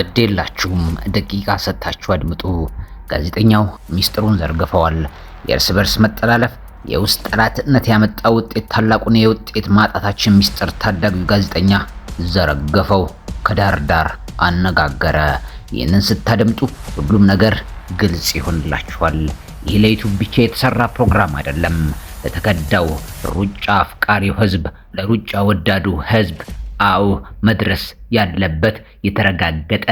ግድ የላችሁም ደቂቃ ሰጥታችሁ አድምጡ። ጋዜጠኛው ሚስጥሩን ዘርግፈዋል። የእርስ በርስ መጠላለፍ የውስጥ ጠላትነት ያመጣ ውጤት ታላቁን የውጤት ማጣታችን ሚስጥር ታዳጊው ጋዜጠኛ ዘረገፈው፣ ከዳር ዳር አነጋገረ። ይህንን ስታደምጡ ሁሉም ነገር ግልጽ ይሆንላችኋል። ይህ ለዩቱብ ብቻ የተሰራ ፕሮግራም አይደለም። ለተከዳው ሩጫ አፍቃሪው ህዝብ፣ ለሩጫ ወዳዱ ህዝብ አዎ መድረስ ያለበት የተረጋገጠ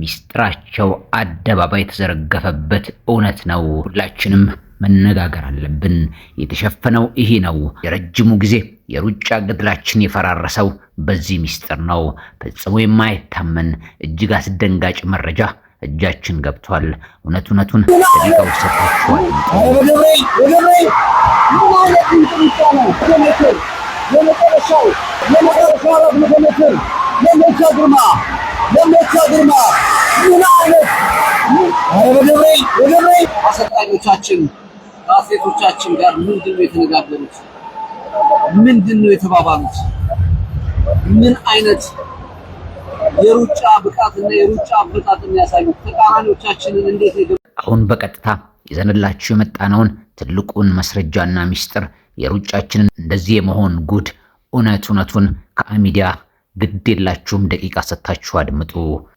ሚስጥራቸው አደባባይ የተዘረገፈበት እውነት ነው። ሁላችንም መነጋገር አለብን። የተሸፈነው ይሄ ነው። የረጅሙ ጊዜ የሩጫ ገድላችን የፈራረሰው በዚህ ሚስጥር ነው። ፈጽሞ የማይታመን እጅግ አስደንጋጭ መረጃ እጃችን ገብቷል። እውነት እውነቱን ደቂቃው ሰጥቷቸዋል። የመጨረሻው የመጨረሻው አራት መቶ ሜትር ለሜቻ ግርማ ለሜቻ ግርማ ምን አይነት አሰልጣኞቻችን ከአትሌቶቻችን ጋር ምንድን ነው የተነጋገሩት? ምንድን ነው የተባባሉት? ምን አይነት የሩጫ ብቃትና የሩጫ አበጣጥ የሚያሳዩት ተቃራኒዎቻችንን እንዴት አሁን በቀጥታ ይዘንላችሁ የመጣነውን ትልቁን ማስረጃና ሚስጥር የሩጫችንን እንደዚህ የመሆን ጉድ እውነት እውነቱን ከአሚዲያ ግድ የላችሁም ደቂቃ ሰጥታችሁ አድምጡ።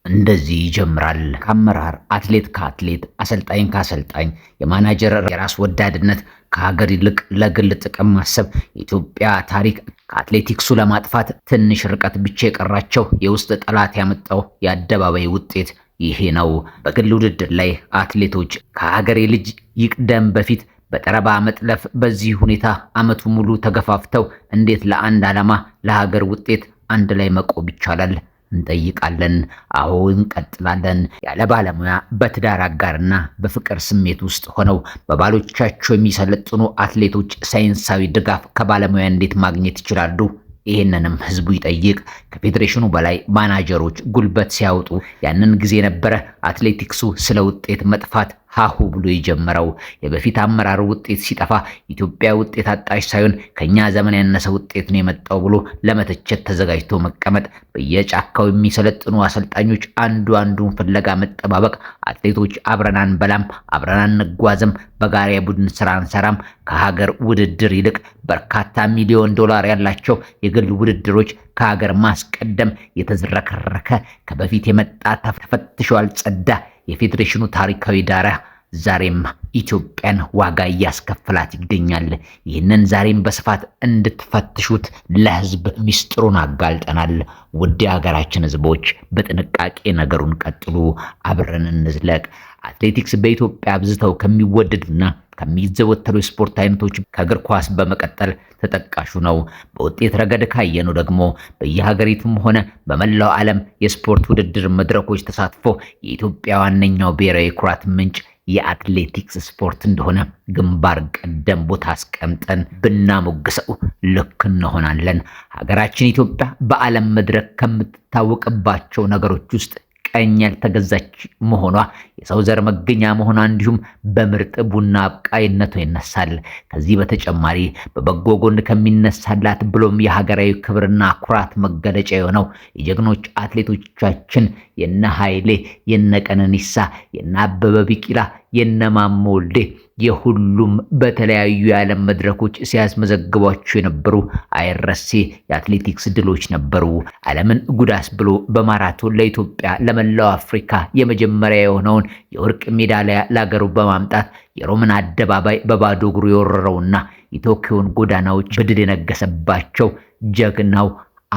እንደዚህ ይጀምራል። ከአመራር አትሌት ከአትሌት አሰልጣኝ ከአሰልጣኝ የማናጀር የራስ ወዳድነት ከሀገር ይልቅ ለግል ጥቅም ማሰብ የኢትዮጵያ ታሪክ ከአትሌቲክሱ ለማጥፋት ትንሽ ርቀት ብቻ የቀራቸው የውስጥ ጠላት ያመጣው የአደባባይ ውጤት ይሄ ነው። በግል ውድድር ላይ አትሌቶች ከሀገሬ ልጅ ይቅደም በፊት በጠረባ መጥለፍ በዚህ ሁኔታ ዓመቱ ሙሉ ተገፋፍተው እንዴት ለአንድ ዓላማ ለሀገር ውጤት አንድ ላይ መቆም ይቻላል? እንጠይቃለን። አዎ እንቀጥላለን። ያለ ባለሙያ በትዳር አጋርና በፍቅር ስሜት ውስጥ ሆነው በባሎቻቸው የሚሰለጥኑ አትሌቶች ሳይንሳዊ ድጋፍ ከባለሙያ እንዴት ማግኘት ይችላሉ? ይህንንም ህዝቡ ይጠይቅ። ከፌዴሬሽኑ በላይ ማናጀሮች ጉልበት ሲያወጡ ያንን ጊዜ ነበረ አትሌቲክሱ ስለ ውጤት መጥፋት ሀሁ ብሎ የጀመረው የበፊት አመራር ውጤት ሲጠፋ ኢትዮጵያ ውጤት አጣሽ ሳይሆን ከኛ ዘመን ያነሰ ውጤት ነው የመጣው ብሎ ለመተቸት ተዘጋጅቶ መቀመጥ፣ በየጫካው የሚሰለጥኑ አሰልጣኞች አንዱ አንዱን ፍለጋ መጠባበቅ፣ አትሌቶች አብረናን በላም፣ አብረናን ንጓዝም በጋራ የቡድን ስራ አንሰራም፣ ከሀገር ውድድር ይልቅ በርካታ ሚሊዮን ዶላር ያላቸው የግል ውድድሮች ከሀገር ማስቀደም የተዝረከረከ ከበፊት የመጣ ተፈትሿል ጸዳ የፌዴሬሽኑ ታሪካዊ ዳራ ዛሬም ኢትዮጵያን ዋጋ እያስከፍላት ይገኛል። ይህንን ዛሬም በስፋት እንድትፈትሹት ለህዝብ ሚስጥሩን አጋልጠናል። ውድ የሀገራችን ህዝቦች በጥንቃቄ ነገሩን ቀጥሉ፣ አብረን እንዝለቅ። አትሌቲክስ በኢትዮጵያ አብዝተው ከሚወደዱና ከሚዘወተሩ የስፖርት አይነቶች ከእግር ኳስ በመቀጠል ተጠቃሹ ነው። በውጤት ረገድ ካየነው ደግሞ በየሀገሪቱም ሆነ በመላው ዓለም የስፖርት ውድድር መድረኮች ተሳትፎ የኢትዮጵያ ዋነኛው ብሔራዊ ኩራት ምንጭ የአትሌቲክስ ስፖርት እንደሆነ ግንባር ቀደም ቦታ አስቀምጠን ብናሞግሰው ልክ እንሆናለን። ሀገራችን ኢትዮጵያ በዓለም መድረክ ከምትታወቅባቸው ነገሮች ውስጥ ቀኝ ያልተገዛች መሆኗ የሰው ዘር መገኛ መሆኗ እንዲሁም በምርጥ ቡና አብቃይነቷ ይነሳል። ከዚህ በተጨማሪ በበጎ ጎን ከሚነሳላት ብሎም የሀገራዊ ክብርና ኩራት መገለጫ የሆነው የጀግኖች አትሌቶቻችን የነ ኃይሌ የነ ቀነኒሳ የነ አበበ ቢቂላ የነማሞልዴ የሁሉም በተለያዩ የዓለም መድረኮች ሲያስመዘግቧቸው የነበሩ አይረሴ የአትሌቲክስ ድሎች ነበሩ። ዓለምን ጉዳስ ብሎ በማራቶን ለኢትዮጵያ ለመላው አፍሪካ የመጀመሪያ የሆነውን የወርቅ ሜዳሊያ ለሀገሩ በማምጣት የሮምን አደባባይ በባዶ እግሩ የወረረውና የቶኪዮን ጎዳናዎች በድል የነገሰባቸው ጀግናው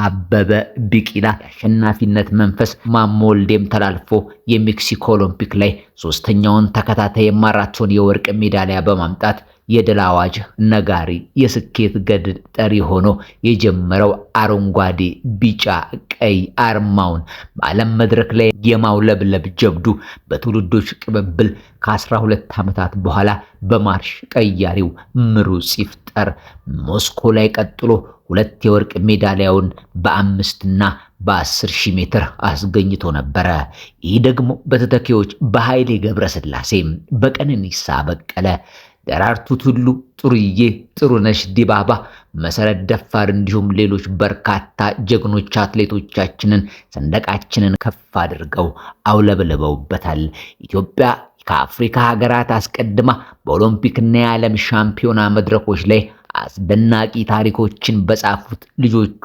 አበበ ቢቂላ የአሸናፊነት መንፈስ ማሞ ወልዴም ተላልፎ የሜክሲኮ ኦሎምፒክ ላይ ሶስተኛውን ተከታታይ የማራቶን የወርቅ ሜዳሊያ በማምጣት የድል አዋጅ ነጋሪ የስኬት ገድ ጠሪ ሆኖ የጀመረው አረንጓዴ ቢጫ ቀይ አርማውን በዓለም መድረክ ላይ የማውለብለብ ጀብዱ በትውልዶች ቅብብል ከ12 ዓመታት በኋላ በማርሽ ቀያሪው ምሩጽ ይፍጠር ሞስኮ ላይ ቀጥሎ ሁለት የወርቅ ሜዳሊያውን በአምስትና በአስር ሺህ ሜትር አስገኝቶ ነበረ። ይህ ደግሞ በተተኪዎች በኃይሌ ገብረስላሴ፣ በቀነኒሳ በቀለ ደራርቱ ቱሉ፣ ጥሩዬ ጥሩነሽ ዲባባ፣ መሰረት ደፋር እንዲሁም ሌሎች በርካታ ጀግኖች አትሌቶቻችንን ሰንደቃችንን ከፍ አድርገው አውለብልበውበታል። ኢትዮጵያ ከአፍሪካ ሀገራት አስቀድማ በኦሎምፒክና የዓለም ሻምፒዮና መድረኮች ላይ አስደናቂ ታሪኮችን በጻፉት ልጆቿ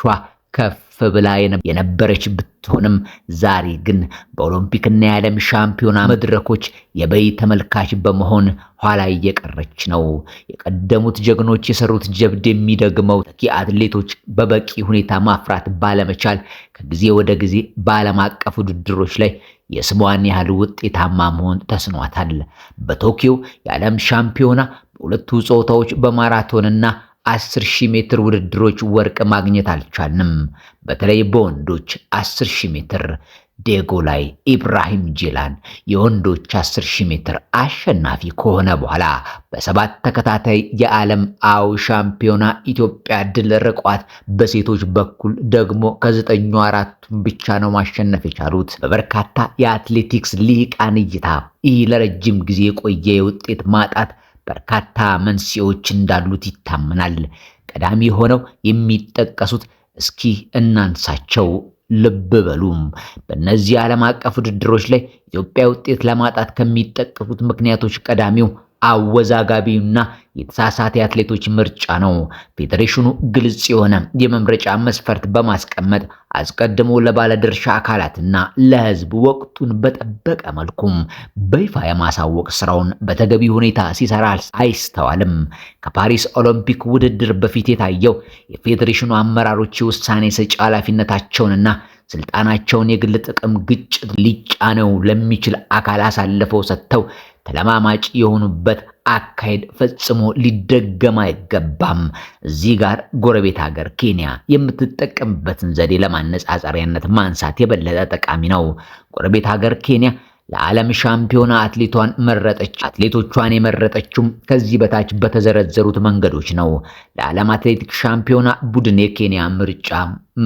ከፍ ብላ የነበረች ብትሆንም ዛሬ ግን በኦሎምፒክና የዓለም ሻምፒዮና መድረኮች የበይ ተመልካች በመሆን ኋላ እየቀረች ነው። የቀደሙት ጀግኖች የሰሩት ጀብድ የሚደግመው ተኪ አትሌቶች በበቂ ሁኔታ ማፍራት ባለመቻል ከጊዜ ወደ ጊዜ በዓለም አቀፍ ውድድሮች ላይ የስሟን ያህል ውጤታማ መሆን ተስኗታል። በቶኪዮ የዓለም ሻምፒዮና በሁለቱ ጾታዎች በማራቶንና አስር ሺህ ሜትር ውድድሮች ወርቅ ማግኘት አልቻልንም። በተለይ በወንዶች አስር ሺህ ሜትር ዴጎ ላይ ኢብራሂም ጂላን የወንዶች 10000 ሜትር አሸናፊ ከሆነ በኋላ በሰባት ተከታታይ የዓለም አው ሻምፒዮና ኢትዮጵያ ድል ርቋት፣ በሴቶች በኩል ደግሞ ከዘጠኙ አራቱን ብቻ ነው ማሸነፍ የቻሉት። በበርካታ የአትሌቲክስ ሊቃን እይታ ይህ ለረጅም ጊዜ የቆየ የውጤት ማጣት በርካታ መንስኤዎች እንዳሉት ይታመናል። ቀዳሚ ሆነው የሚጠቀሱት እስኪ እናንሳቸው። ልብ በሉም በእነዚህ ዓለም አቀፍ ውድድሮች ላይ ኢትዮጵያ ውጤት ለማጣት ከሚጠቀሱት ምክንያቶች ቀዳሚው አወዛጋቢና የተሳሳተ አትሌቶች ምርጫ ነው። ፌዴሬሽኑ ግልጽ የሆነ የመምረጫ መስፈርት በማስቀመጥ አስቀድሞ ለባለድርሻ አካላትና ለሕዝብ ወቅቱን በጠበቀ መልኩም በይፋ የማሳወቅ ስራውን በተገቢ ሁኔታ ሲሰራ አይስተዋልም። ከፓሪስ ኦሎምፒክ ውድድር በፊት የታየው የፌዴሬሽኑ አመራሮች የውሳኔ ሰጪ ኃላፊነታቸውንና ስልጣናቸውን የግል ጥቅም ግጭት ሊጫነው ለሚችል አካል አሳልፈው ሰጥተው ተለማማጭ የሆኑበት አካሄድ ፈጽሞ ሊደገም አይገባም። እዚህ ጋር ጎረቤት ሀገር ኬንያ የምትጠቀምበትን ዘዴ ለማነጻጸሪያነት ማንሳት የበለጠ ጠቃሚ ነው። ጎረቤት ሀገር ኬንያ ለዓለም ሻምፒዮና አትሌቷን መረጠች። አትሌቶቿን የመረጠችውም ከዚህ በታች በተዘረዘሩት መንገዶች ነው። ለዓለም አትሌቲክ ሻምፒዮና ቡድን የኬንያ ምርጫ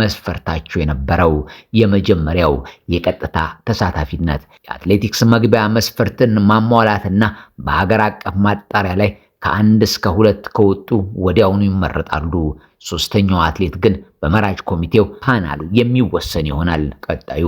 መስፈርታቸው የነበረው የመጀመሪያው የቀጥታ ተሳታፊነት፣ የአትሌቲክስ መግቢያ መስፈርትን ማሟላትና በሀገር አቀፍ ማጣሪያ ላይ ከአንድ እስከ ሁለት ከወጡ ወዲያውኑ ይመረጣሉ። ሶስተኛው አትሌት ግን በመራጭ ኮሚቴው ፓናሉ የሚወሰን ይሆናል። ቀጣዩ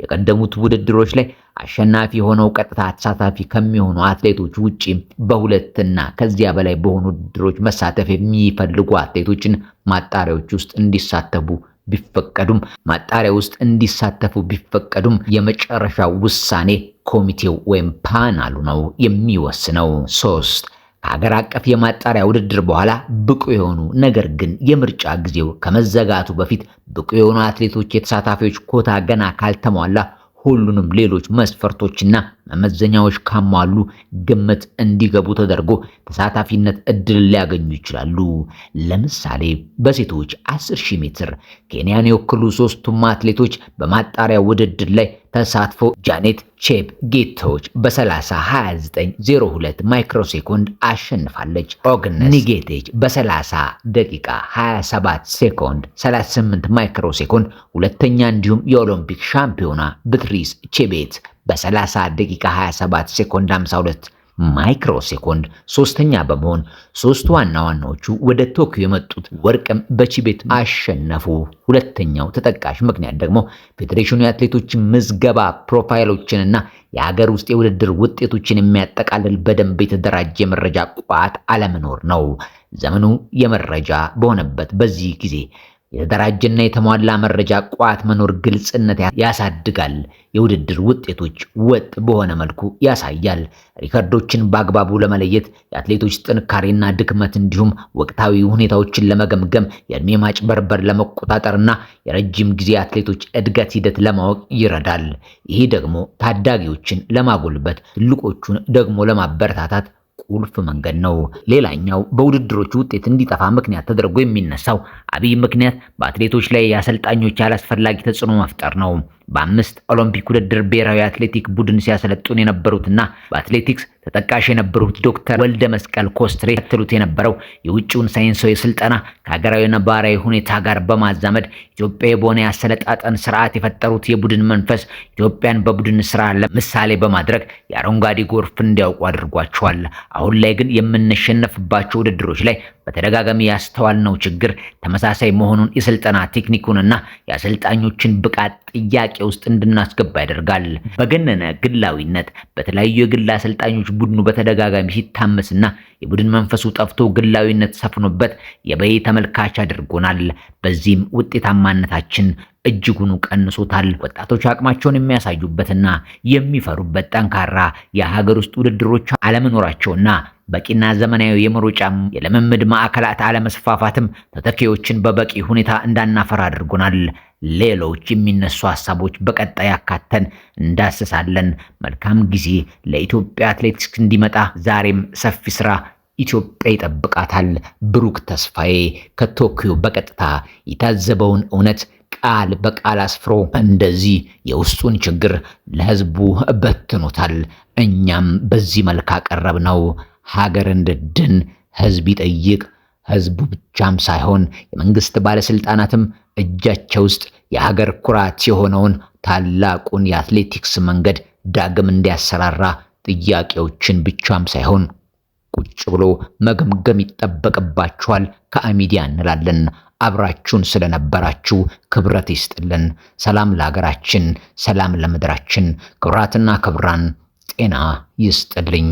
የቀደሙት ውድድሮች ላይ አሸናፊ የሆነው ቀጥታ ተሳታፊ ከሚሆኑ አትሌቶች ውጪ በሁለትና ከዚያ በላይ በሆኑ ውድድሮች መሳተፍ የሚፈልጉ አትሌቶችን ማጣሪያዎች ውስጥ እንዲሳተፉ ቢፈቀዱም ማጣሪያ ውስጥ እንዲሳተፉ ቢፈቀዱም የመጨረሻ ውሳኔ ኮሚቴው ወይም ፓናሉ ነው የሚወስነው። ሶስት ከአገር አቀፍ የማጣሪያ ውድድር በኋላ ብቁ የሆኑ ነገር ግን የምርጫ ጊዜው ከመዘጋቱ በፊት ብቁ የሆኑ አትሌቶች የተሳታፊዎች ኮታ ገና ካልተሟላ ሁሉንም ሌሎች መስፈርቶችና መመዘኛዎች ካሟሉ ግምት እንዲገቡ ተደርጎ ተሳታፊነት እድል ሊያገኙ ይችላሉ። ለምሳሌ በሴቶች 10000 ሜትር ኬንያን የወክሉ ሶስቱም አትሌቶች በማጣሪያ ውድድር ላይ ተሳትፎ ጃኔት ቼፕ ጌቶች በ302902 ማይክሮ ሴኮንድ አሸንፋለች። ኦግነስ ኒጌቴች በ30 ደቂቃ 27 ሴኮንድ 38 ማይክሮሴኮንድ ሁለተኛ፣ እንዲሁም የኦሎምፒክ ሻምፒዮና ብትሪስ ቼቤት በ30 ደቂቃ 27 ሴኮንድ 52 ማይክሮ ሴኮንድ ሶስተኛ በመሆን ሶስት ዋና ዋናዎቹ ወደ ቶኪዮ የመጡት ወርቅም በቺቤት አሸነፉ። ሁለተኛው ተጠቃሽ ምክንያት ደግሞ ፌዴሬሽኑ የአትሌቶች ምዝገባ ፕሮፋይሎችንና የሀገር ውስጥ የውድድር ውጤቶችን የሚያጠቃልል በደንብ የተደራጀ የመረጃ ቋት አለመኖር ነው። ዘመኑ የመረጃ በሆነበት በዚህ ጊዜ የተደራጀና የተሟላ መረጃ ቋት መኖር ግልጽነት ያሳድጋል። የውድድር ውጤቶች ወጥ በሆነ መልኩ ያሳያል። ሪከርዶችን በአግባቡ ለመለየት የአትሌቶች ጥንካሬና ድክመት እንዲሁም ወቅታዊ ሁኔታዎችን ለመገምገም የእድሜ ማጭበርበር ለመቆጣጠርና የረጅም ጊዜ አትሌቶች እድገት ሂደት ለማወቅ ይረዳል። ይህ ደግሞ ታዳጊዎችን ለማጎልበት ትልቆቹን ደግሞ ለማበረታታት ቁልፍ መንገድ ነው። ሌላኛው በውድድሮቹ ውጤት እንዲጠፋ ምክንያት ተደርጎ የሚነሳው አብይ ምክንያት በአትሌቶች ላይ የአሰልጣኞች ያላስፈላጊ ተጽዕኖ መፍጠር ነው። በአምስት ኦሎምፒክ ውድድር ብሔራዊ አትሌቲክ ቡድን ሲያሰለጥኑ የነበሩትና በአትሌቲክስ ተጠቃሽ የነበሩት ዶክተር ወልደ መስቀል ኮስትሬ ተከትሉት የነበረው የውጭውን ሳይንሳዊ ስልጠና ከሀገራዊ ነባራዊ ሁኔታ ጋር በማዛመድ ኢትዮጵያ በሆነ ያሰለጣጠን ስርዓት የፈጠሩት የቡድን መንፈስ ኢትዮጵያን በቡድን ስራ ለምሳሌ በማድረግ የአረንጓዴ ጎርፍ እንዲያውቁ አድርጓቸዋል። አሁን ላይ ግን የምንሸነፍባቸው ውድድሮች ላይ በተደጋጋሚ ያስተዋልነው ችግር ተመሳሳይ መሆኑን የስልጠና ቴክኒኩንና የአሰልጣኞችን ብቃት ጥያቄ ውስጥ እንድናስገባ ያደርጋል። በገነነ ግላዊነት በተለያዩ የግል አሰልጣኞች ቡድኑ በተደጋጋሚ ሲታመስና የቡድን መንፈሱ ጠፍቶ ግላዊነት ሰፍኖበት የበይ ተመልካች አድርጎናል። በዚህም ውጤታማነታችን እጅጉኑ ቀንሶታል። ወጣቶች አቅማቸውን የሚያሳዩበትና የሚፈሩበት ጠንካራ የሀገር ውስጥ ውድድሮች አለመኖራቸውና በቂና ዘመናዊ የመሮጫ የልምምድ ማዕከላት አለመስፋፋትም ተተኪዎችን በበቂ ሁኔታ እንዳናፈራ አድርጎናል። ሌሎች የሚነሱ ሀሳቦች በቀጣይ አካተን እንዳስሳለን። መልካም ጊዜ ለኢትዮጵያ አትሌቲክስ እንዲመጣ ዛሬም ሰፊ ስራ ኢትዮጵያ ይጠብቃታል። ብሩክ ተስፋዬ ከቶኪዮ በቀጥታ የታዘበውን እውነት ቃል በቃል አስፍሮ እንደዚህ የውስጡን ችግር ለህዝቡ በትኖታል። እኛም በዚህ መልክ አቀረብ ነው። ሀገር እንድድን ህዝብ ይጠይቅ። ህዝቡ ብቻም ሳይሆን የመንግስት ባለስልጣናትም እጃቸው ውስጥ የሀገር ኩራት የሆነውን ታላቁን የአትሌቲክስ መንገድ ዳግም እንዲያሰራራ ጥያቄዎችን ብቻም ሳይሆን ቁጭ ብሎ መገምገም ይጠበቅባችኋል። ከአሚዲያ እንላለን። አብራችሁን ስለነበራችሁ ክብረት ይስጥልን። ሰላም ለሀገራችን፣ ሰላም ለምድራችን። ክብራትና ክብራን ጤና ይስጥልኝ።